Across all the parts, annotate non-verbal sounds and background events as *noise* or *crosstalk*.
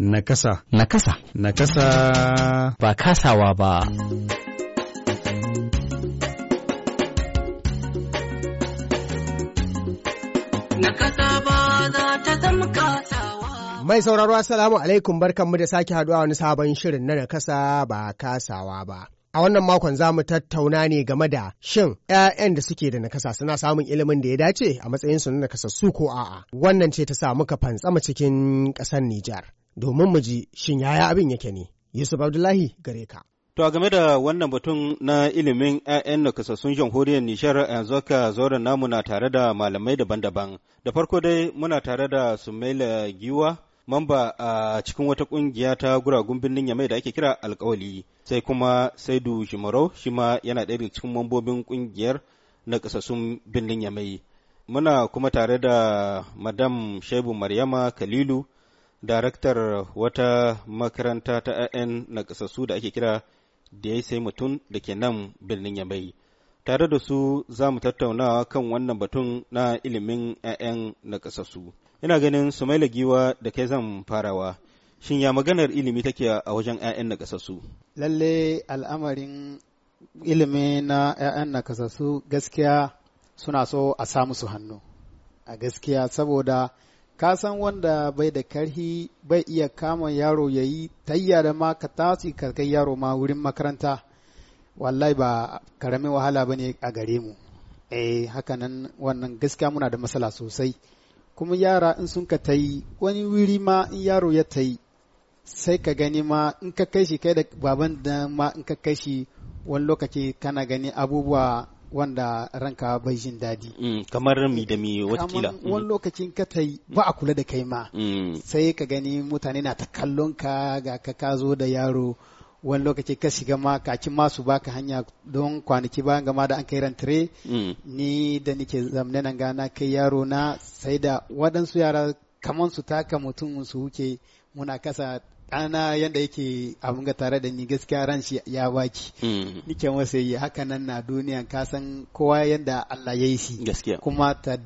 Nakasa. Nakasa. Nakasa. Ba kasawa ba. Nakasa ba za ta zama kasawa. Mai sauraro Assalamu alaikum barkanmu da sake haduwa wani sabon shirin na nakasa ba kasawa ba. A wannan makon za mu tattauna ne game da shin 'ya'yan da suke da nakasa suna samun ilimin da ya dace a matsayinsu na nakasassu ko a'a. Wannan ce ta sa muka fantsama cikin ƙasar Nijar. domin mu ji shin yaya abin yake ne. Yusuf Abdullahi gare ka. To a game da wannan batun na ilimin 'ya'yan nakasassun jamhuriyar Nishar yanzu ka zauren namu na tare da malamai daban-daban. Da farko dai muna tare da Sumaila Giwa, mamba a cikin wata kungiya ta guragun birnin Yamai da ake kira alkawali. Sai kuma Saidu Shimaro, shi ma yana ɗaya daga cikin mambobin kungiyar kasassun birnin Yamai. Muna kuma tare da Madam Shaibu Maryama Kalilu, daraktar wata makaranta ta 'ya'yan nakasassu da ake kira da ya sai mutum da ke nan birnin yamai tare da su za mu tattauna kan wannan batun na ilimin 'ya'yan nakasassu ina ganin su sumaila giwa da kai zan farawa shin ya maganar ilimi take a wajen 'ya'yan nakasassu lalle al'amarin ilimi na 'ya'yan nakasassu gaskiya suna so a samu su hannu a gaskiya saboda ka san wanda bai da karhi bai iya kama yaro ya yi tayya da ma ka tasi ka yaro ma wurin makaranta wallahi ba karamin wahala ba ne a gare mu eh hakanan wannan gaskiya muna da matsala sosai kuma yara in sun ka tayi wani wuri ma in yaro ya tayi sai ka gani ma in ka kai shi kai da baban da ma in ka kai shi wani lokaci kana gani abubuwa wanda ranka bai jin daɗi. Mm, kamar mi da mi watakila wani mm. lokacin ka ba a kula da kai ma mm. sai ka gani mutane na ta kallon ka ga ka ka zo da yaro wani lokaci ka shiga ma kakin masu baka hanya don kwanaki bayan gama da an kai rantare ni da nake zamne nan gana kai yaro na sai da waɗansu yara kamar su taka mutum su wuce muna kasa ana yadda yake abin ga tare da ni gaskiya ran shi ya baki hmm. nike masa yi haka nan na duniya ka san kowa yadda Allah ya yi shi kuma ta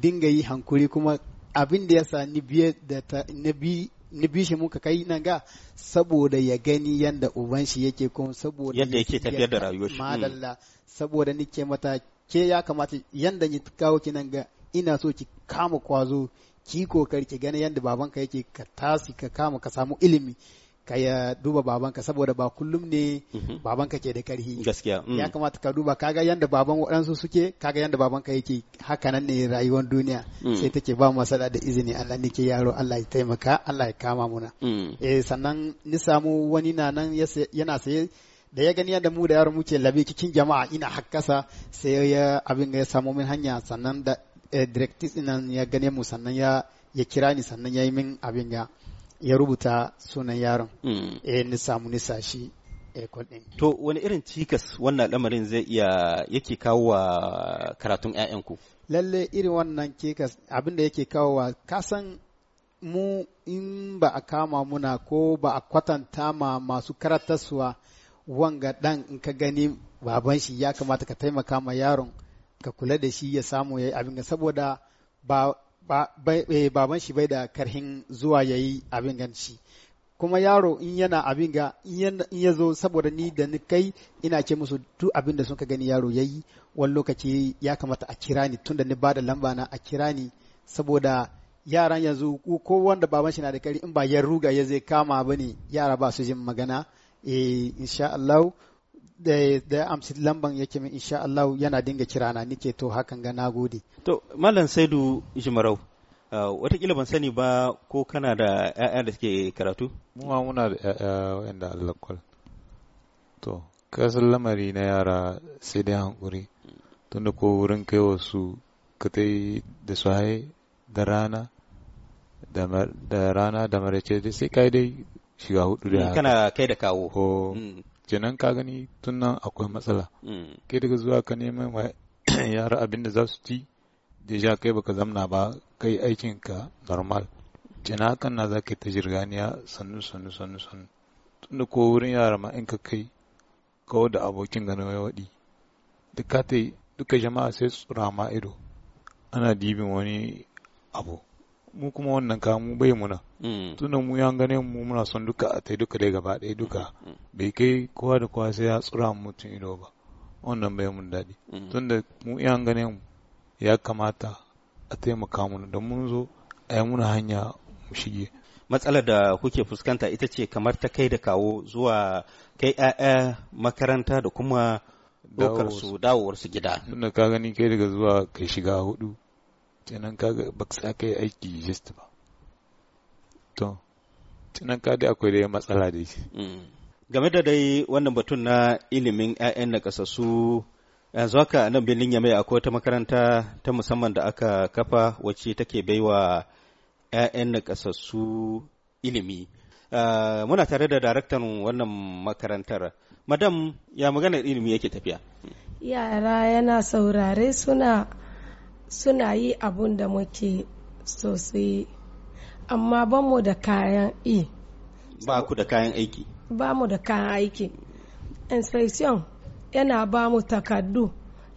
dinga yi hankuri kuma abin da ya sa ni biye da ta ni bi shi muka kai nan ga saboda ya gani yadda uban shi yake kuma saboda yadda yake tafiyar da rayuwar shi madalla saboda nike mata ke ya kamata yadda ni kawo ki nan ga ina so ki kama kwazo ki kokari ki gani yadda babanka yake ka tasi ka kama ka samu ilimi ka ya duba babanka saboda ba kullum ne mhm. babanka ke da karhi gaskiya mm. ya kamata ka duba kaga yadda baban waɗansu suke kaga yadda babanka yake hakanan ne rayuwar duniya mm. sai take ba mu sada da izini Allah ne ke yaro Allah ya taimaka Allah ya kama muna mm. eh sannan ni samu wani na nan yana saye da ya gani yadda mu da yaro muke labe cikin jama'a ina hakkasa sai ya abin ya samu min hanya sannan da Eh, directives ina ya gane mu sannan ya ya kira ni sannan ya yi min abin ya ya rubuta sunan yaron hmm. eh ni samu ni sashi eh, To wani irin cikas wannan lamarin zai iya yake kawo wa karatun 'ya'yanku? Lalle irin wannan cikas abin da yake kawo wa kasan mu in ba a kama muna ko ba a kwatanta ma masu karatarsuwa wanga ɗan in ka gani baban shi ya kamata ka taimaka ma yaron. ka kula da shi ya samu ya yi abin saboda ba eh, baban shi bai da karhin zuwa ya yi abin gan shi kuma yaro in yana abin ga in ya zo saboda ni da ni kai ina ce musu duk abin da suka gani yaro ya yi wani lokaci ya kamata a kira ni tunda ni ba da lamba na a kira ni saboda yaran yanzu ko wanda baban shi na da kari in ba ya ruga ya zai kama ba ne yara ba su jin magana eh insha Allah da da amsit lamban yake min insha Allah yana dinga kirana nike to hakan ga nagode to mallam Saidu Jimarau uh, watakila ban sani ba ko kana da ƴaƴa da suke karatu muwa muna da ƴaƴa wanda Allah kwal to kasan lamari na yara sai dai hankuri tunda ko wurin kai wasu ka da su haye da rana da rana da marace dai sai kai dai shiga hudu da mm, kana kai da kawo kenan ka gani tun nan akwai matsala mm. kai daga zuwa ka neman ma *coughs* yara abin da za su ci deja kai baka zamna ba kai aikin ka normal kenan hakan na za ka ta jirganiya sannu sannu sannu sannu tunda ko wurin yara ma in ka kai kawo da abokin gano ya waɗi duka ta duka jama'a sai tsura ma ido ana dibin wani abu mu kuma wannan ka mu bai muna mm. tunan mu yan gane mu muna son duka a tai duka dai gaba ɗaya duka mm. bai kai kowa da kowa sai ya tsura mutum ido ba wannan bai mun daɗi mm. tunda mu yan gane mu ya kamata a taimaka mu da mun zo a yi muna hanya mu shige matsalar da kuke fuskanta ita ce kamar ta kai da kawo zuwa kai 'ya'ya makaranta da kuma dokar su dawowar su gida tunda ka gani kai daga zuwa kai shiga hudu kenan kaga ba ka kai aiki just ba to ka da akwai da matsala da shi mm. game da dai wannan batun na ilimin 'ya'yan na kasasu yanzu haka nan birnin mai akwai wata makaranta ta musamman da aka kafa wacce take baiwa 'ya'yan na kasasu ilimi ah, muna tare da daraktan wannan makarantar madam ya magana ilimi yake tafiya yara yana saurare suna suna yi abun da muke sosai amma ba mu da kayan yi ba ku da kayan aiki ba mu da kayan aiki inspection yana ba mu takardu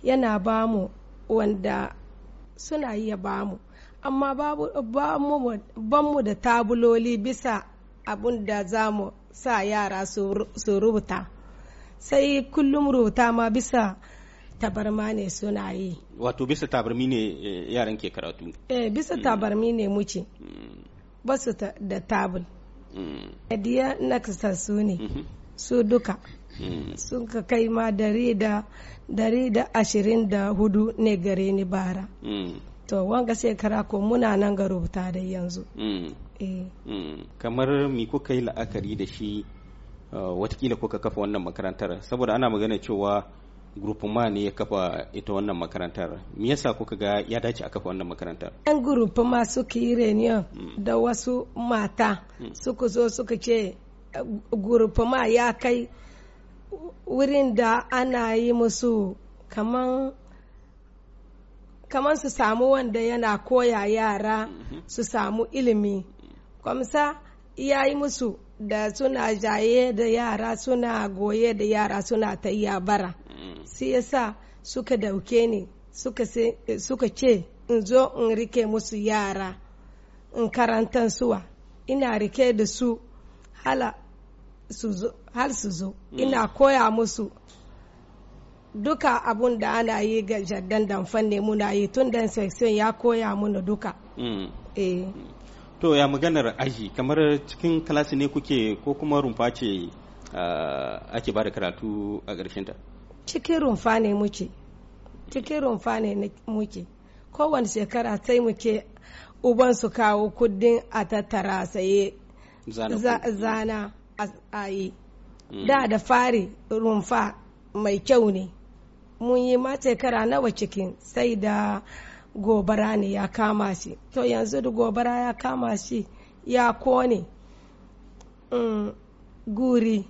yana ba mu wanda suna yi ya ba mu amma ba mu da tabuloli bisa abun da za mu sa yara su rubuta sai kullum rubuta ma bisa tabarma ne suna yi wato bisa tabarmi ne eh, yaran ke karatu eh bisa mm. tabarmi ne muke mm. ba su da tabul mm. diya na su ne mm-hmm. su duka sun ka kai ma dari da dari da ashirin da hudu ne gare ni bara to wanga shekara ko muna nan ga rubuta da yanzu eh. kamar mi kuka yi la'akari da shi eh, watakila kuka kafa wannan makarantar saboda ana magana cewa ma ne ya kafa ita wannan makarantar. Me yasa kuka ga ya dace a kafa wannan makarantar? Yan ma suka yi reunion hmm. da wasu mata hmm. suka zo suka ce ma ya kai wurin da ana yi musu kaman kaman su samu wanda yana koya yara hmm. su samu ilimi. Kwamsa ya yi musu da suna jaye da yara suna goye da yara suna ta bara. sai sa suka dauke ni suka ce in zo in rike musu yara in karantar suwa ina rike da su hala su zo ina mm. koya musu duka abun da ana yi ga jaddan damfan ne muna yi tun da sassan ya koya muna duka mm. eh. to ya maganar aji kamar cikin kalasi ne kuke ko kuma rumfa ce ah, ake ba da karatu a ƙarshen ta cikin rumfa ne muke cikin rumfa ne muke kowane shekara sai muke uban su kawo kudin a tattara saye zana a yi mm. da da fari rumfa mai kyau ne mun yi ma shekara nawa cikin sai da gobara ne ya kama shi to yanzu da gobara ya kama shi ya kone mm, guri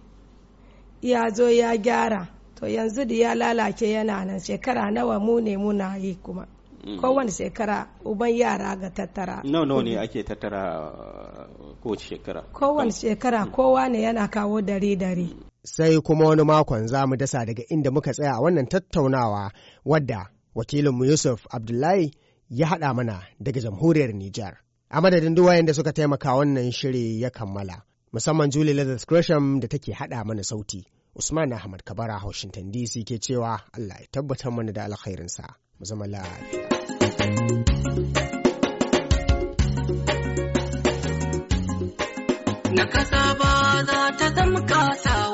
ya zo ya gyara to yanzu da ya lalace yana nan shekara nawa mu ne muna yi kuma mm. kowane shekara uban yara ga tattara no no ne ake tattara uh, kowace shekara kowane shekara mm. kowa ne yana kawo dare dare mm. sai kuma wani makon za mu dasa daga inda muka tsaya a wannan tattaunawa wadda wakilinmu yusuf abdullahi ya haɗa mana daga jamhuriyar nijar a madadin duwayen da suka taimaka wannan shiri ya kammala musamman julie lizard da take haɗa mana sauti Usman Ahmad Kabara Washington DC ke cewa Allah ya tabbatar mana da alkhairinsa mu zama lafiya. na kasa ba za ta zama